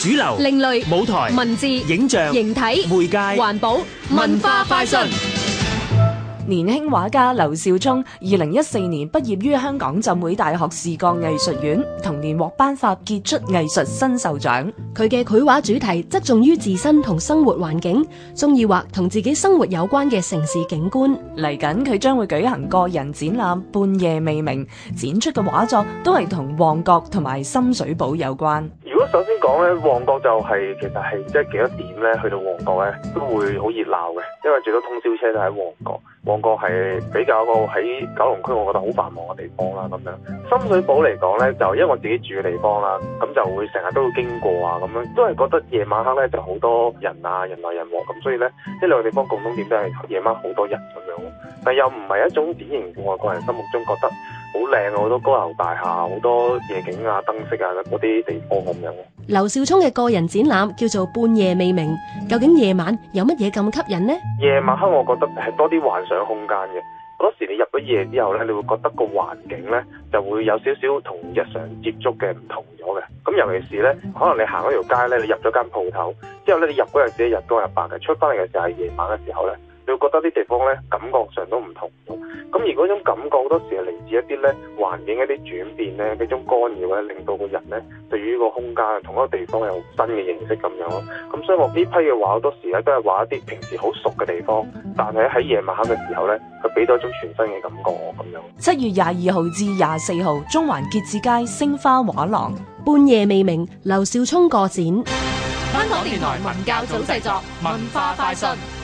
主流、另類舞台、文字、影像、形體、媒介、環保、文化快訊。年輕畫家劉少聰，二零一四年畢業於香港浸會大學視覺藝術院，同年獲頒發傑出藝術新秀獎。佢嘅繪畫主題側重於自身同生活環境，中意畫同自己生活有關嘅城市景觀。嚟緊佢將會舉行個人展覽《半夜未明》，展出嘅畫作都係同旺角同埋深水埗有關。首先講咧，旺角就係其實係即係幾多點咧，去到旺角咧都會好熱鬧嘅，因為最多通宵車就喺旺角。旺角係比較個喺九龍區，我覺得好繁忙嘅地方啦。咁樣深水埗嚟講咧，就因為我自己住嘅地方啦，咁就會成日都會經過啊，咁樣都係覺得夜晚黑咧就好多人啊，人來人往咁，所以咧呢兩個地方共通點都係夜晚好多人咁樣，但又唔係一種典型外國人心目中覺得。好靚啊！好多高樓大廈，好多夜景啊、燈飾啊嗰啲地方咁，啊、樣。劉少聰嘅個人展覽叫做《半夜未明》，究竟夜晚有乜嘢咁吸引呢？夜晚黑，我覺得係多啲幻想空間嘅。嗰時你入咗夜之後咧，你會覺得個環境咧就會有少少同日常接觸嘅唔同咗嘅。咁尤其是咧，可能你行嗰條街咧，你入咗間鋪頭之後咧，你入嗰陣時係日光日白嘅，出翻嚟嘅時候係夜晚嘅時候咧，你會覺得啲地方咧感覺上都唔同。咁而嗰種感覺好多時係嚟自一啲咧環境一啲轉變咧，一種干擾咧，令到個人咧對於呢個空間同嗰個地方有新嘅認識咁樣咯。咁所以我呢批嘅畫好多時咧都係畫一啲平時好熟嘅地方，但係喺夜晚黑嘅時候咧，佢俾到一種全新嘅感覺咁樣。七月廿二號至廿四號，中環結志街星花畫廊，半夜未明，劉少聰個展。香港電台文教組製作，文化快訊。